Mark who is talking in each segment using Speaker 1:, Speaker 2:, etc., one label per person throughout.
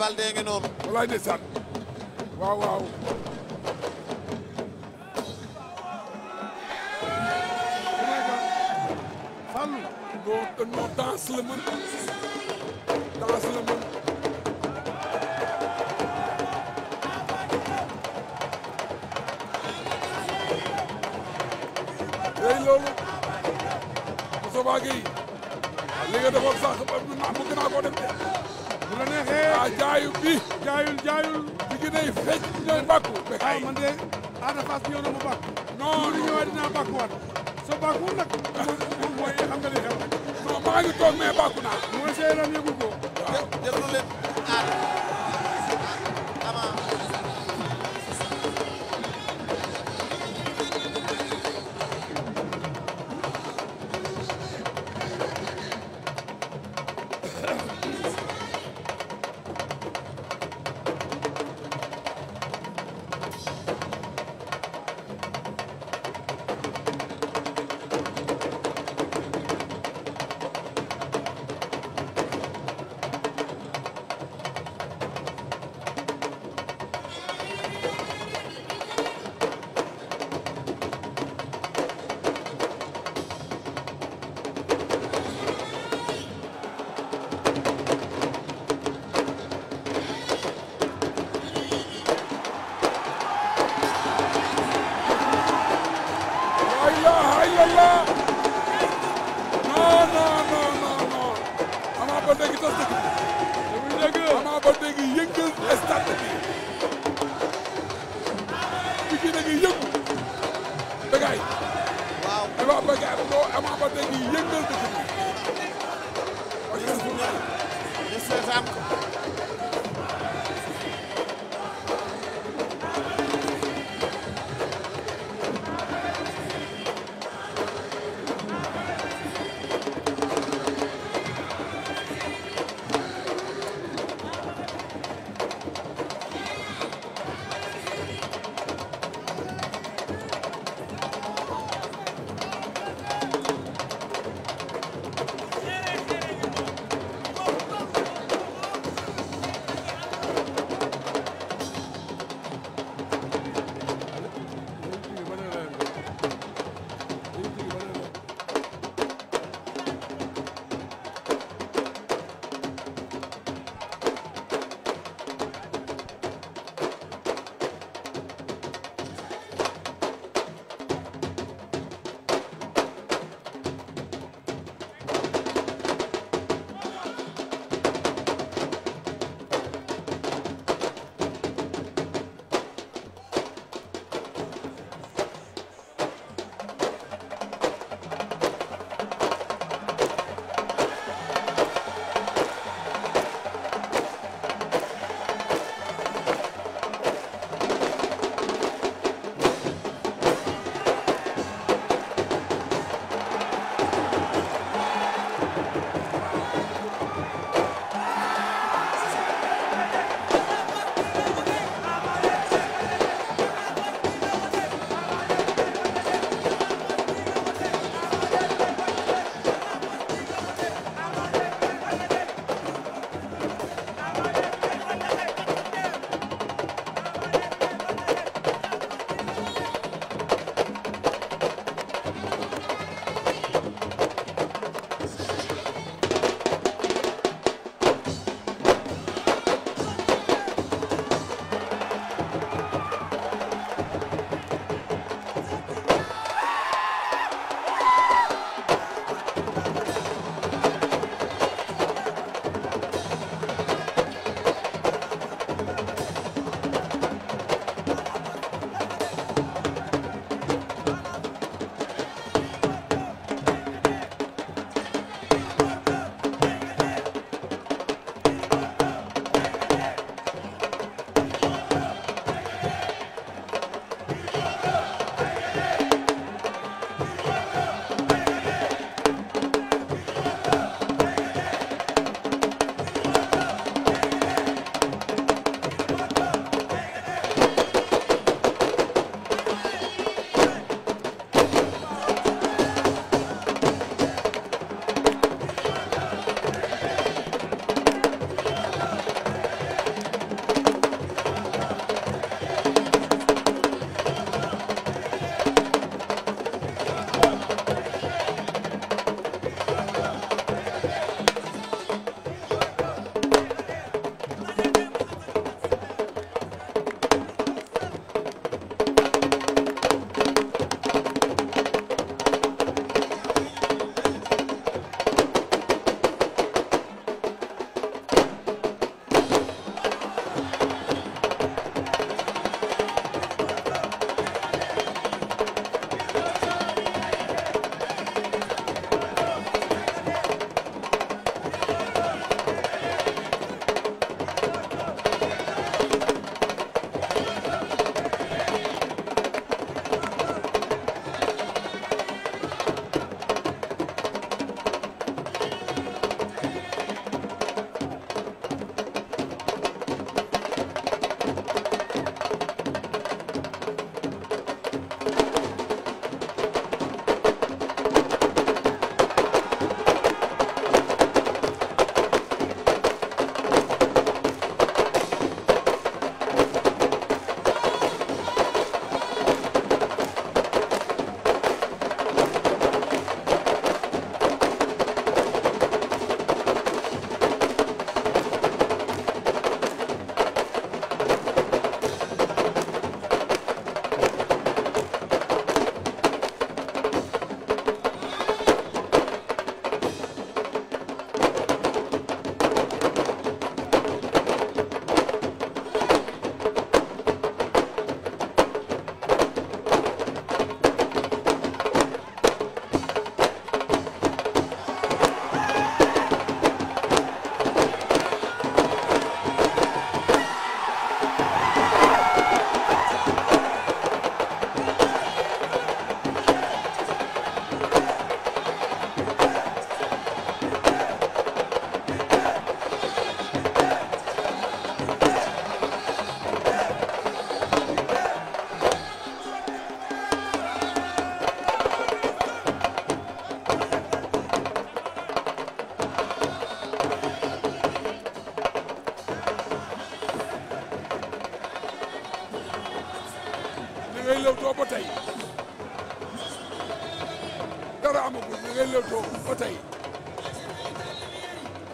Speaker 1: Balde ngi noonu. walaay ndeysaan
Speaker 2: waaw waaw. Fallou. non non danse la mën danse la mën. tey loolu. Moussa Ba Gueye. li nga defoon sax mu gën a ko def de. bu la neexee ah jaayu bi. jaayul jaayul. bi gi day fecc ñooy bàkku. waaw man de Ada Fass ñëw na mu bàkku. non non soo bàkkuwul nag. moom mooy xam nga li xew. non maa ngi toog mais bàkku naa. mooy sa yaram yëgu ko. Allah non non non non non Ama Baldé gi tas na ko. déglu dégg nga Ama Baldé gi yëngal stade bi. fii fii da ngay yëngu. Bégaay. waaw li ma Bégaay boo Ama Baldé gi yëngal dëkk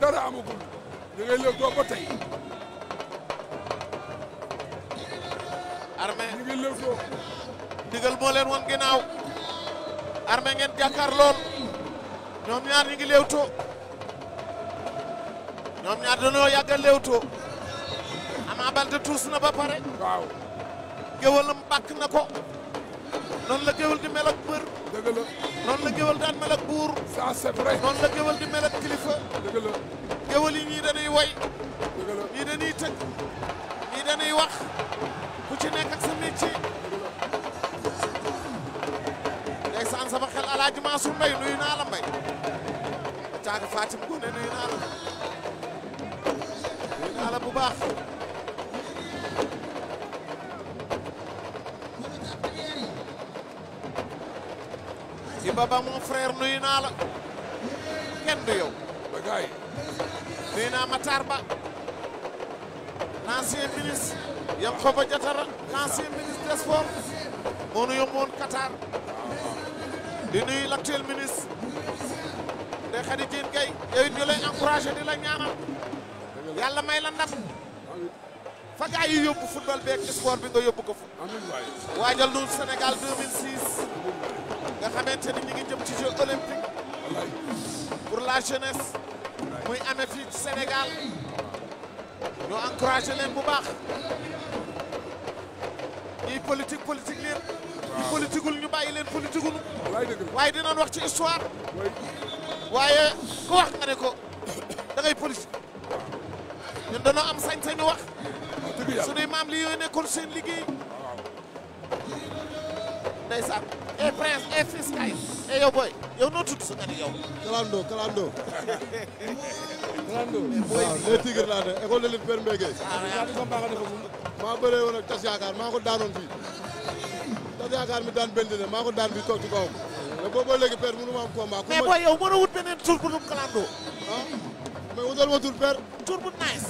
Speaker 2: dara amagul da
Speaker 1: ngay lëwtoo tey. Armé ñu ngi lëwtoo. ndigal moo leen woon ginnaaw. Armé ngeen jàkkaar lool. ñoom ñaar ñu ngi lëwtoo. ñoom ñaar dañoo yàgg a lëwtoo. Ama tuus na ba pare. waaw. géwalam na ko. non la géwal di mel ak bër dëgg la non la géwal daan mel ak buur ça c'est vrai non la géwal di mel ak kilifa deug la géwal yi ni dañuy way deug la ñii dañuy tek ñii dañuy wax ku ci nek ak sa métier ndeysaan sama xel alaaji Mansour may nuyu na la may caaga Fatim Gone nuyu naa la nuyu naa la bu baax Demba Ba mon frère nuyu naa la kenn du yow. ba gaay Ba l'ancien ministre Yankhoba Diattara l'ancien ministre des moo nu yóbbu woon di nuyu l'actuel ministre Ndeye Khady Diène Gaye ñu lay encouragé di la ñaanal yàlla may la fa gaa yi yóbbu football beeg sport bi nga yóbbu ko fu waajal nu Sénégal 2006 nga xamante ni ñu ngi jëm ci jeux olympiques pour la jeunesse muy amee fii ci Sénégal ñoo encouragé leen bu baax ñiy politique politique leen ñi politiqueul ñu bàyyi leen politiqueul waaye dinañ wax ci histoire waaye ku wax nga ko da ngay politique ñun dañoo am sañ-sañu wax sunuy maam li yooyu nekkoon seen liggéey ndeysaan et eh, prince kay et yow booy yow noo Kalando Kalando. Kalando. waaw eh, ah, nee Tigre laa ne ah, maa bëree woon ak tas yaakaar maa ko daanoon fii. tas yaakaar mi daan benn maa ko daan fii toog ci kawam. mais ma am combat. mais booy a wut beneen tur Kalando. Ah? ma tur Père. tur bu nice.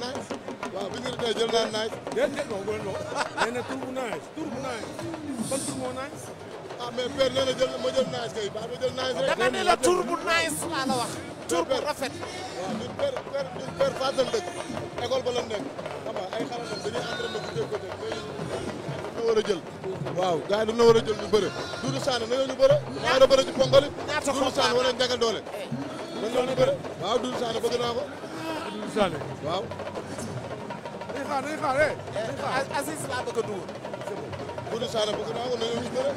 Speaker 1: nice waaw bi nga tey jël naa nice. ah mais père jël ma jël naaj kay ba ma jël naaj rek. dama ne tur bu naaj laa la wax. tur bu rafet. waaw ñun père père ñun père Fatal dëkk école ba la nekk xam nga ko dégg mais war a jël. waaw gars yi war a jël ñu bëre. Doudou Sane na ñu bëre. ñaata war a bëre ci pongali. ñaata Doudou Sane war a njëkk a doole. Eh. waaw Doudou Sane bëgg naa eh. Eh, laa bëgg a Modou Sané bëgg naa ko na ñëw ñu bëre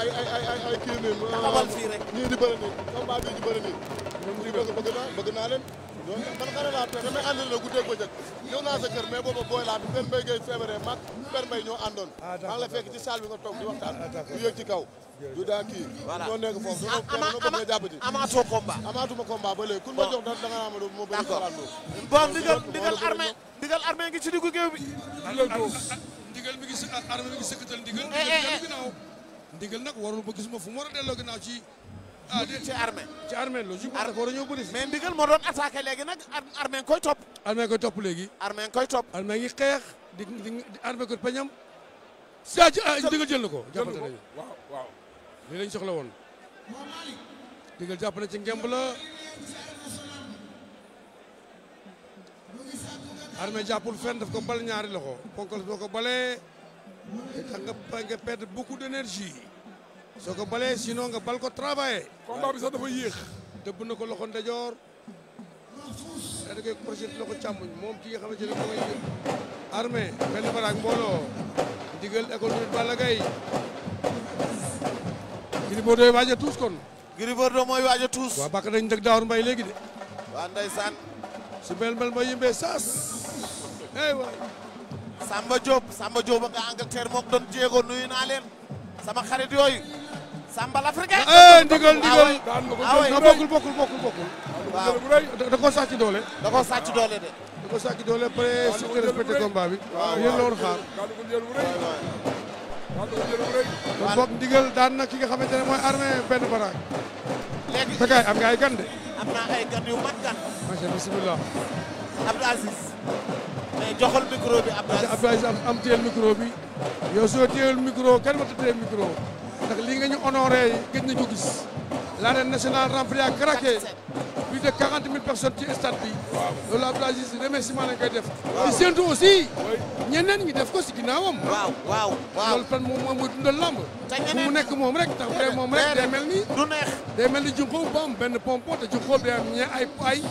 Speaker 1: ay ay ay ay ay kii nii xamal ah, fii rek ñii di bëgg bëgg naa bëgg naa leen man xale laa te damay àndal la guddeeg bëccëg ñëw sa kër mais booba booy laa bi Père Mbaye Gueye feebaree mag Père Mbaye ñoo àndoon ah, maa la fekk ci salle nga toog di waxtaan ah, du yëg ci kaw du daa kii ñoo nekk foofu bëgg nga jàpp ci amaatoo combat amaatuma combat ba kun ma jox da do moo bëgg xalaat bon digal digal
Speaker 3: armée digal ngi ci diggu ndigal mi ngi së armée mi ngi sëkkatal ndigal. Eh, eh, ndigal eh. ginnaaw ndigal nag warul ba gisuma fu mu war a delloo ginnaaw ci. ah ci armée. ci armée logique war a ñëw bëri mais ndigal moo doon attaqué léegi nag armée koy topp. armée koy topp léegi. armée koy topp. armée ngi xeex di di di armée ko peñam. saa ci ah ndigal jël na ko. jël na ko waaw waaw. lii lañ soxla woon. ndigal jàpp na ci ngemb la. armée jàppul fenn daf ko bal ñaari loxo ponkal soo ko balee da nga perdre beaucoup soo ko balee sinon nga bal ko travailler combat bi sax dafa yéex dëbb na ko loxo ndejoor da koy crochet loxo càmmoñ moom ki nga xamante ne mooy armée benn baraag mbooloo ndigal école nit Balla Gaye Gris Bordeaux waaj a tuus kon Gris mooy waaj tuus waa bàkk nañ dëgg daawar mbay léegi de waa ndeysaan su mel mel mooy yimbee saas Samba Diop Samba Diop nga Angleterre moo
Speaker 1: doon jéego nuyu naa sama xarit yooyu Samba l'africain. Eh, ndigal ah ndigal waaw ah waaw ah bokkul
Speaker 3: bokkul bokkul bokkul. waaw da koo sàcc doole. da koo sàcc doole de. da koo doole après su respecté combat bi. la woon xaar. kon boog ndigal daan na ki nga xamante ne mooy armée benn baraak. léegi Bécaye am nga ay gan de. am ay gan yu mat gan. macha allah bisimilah. Aziz. mais joxal micro bi Abdoulaye. Abdoulaye am am téyel micro bi yow soo téyel micro kenn mënut a téye micro ndax lii nga ñu honoré gëj nañu ko gis. l'arène nationale remplie à craquer plus de 40 000 personnes ci stade bi. waaw loolu Abdoulaye Aziz remerciement lañ koy def. waaw di séntu aussi. ñeneen ñi def ko si ginnaawam. waaw waaw waaw loolu fan moom mooy dundal làmb. te ñeneen mu nekk moom rek tax moom rek day mel ni. du neex day mel ni junqoo bu am benn pompon te junqoo bi am ñee ay ay.